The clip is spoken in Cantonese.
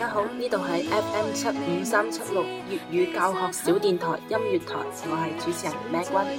大家好，呢度係 FM 七五三七六粵語教學小電台，台音樂台，我係主持人 MacOne。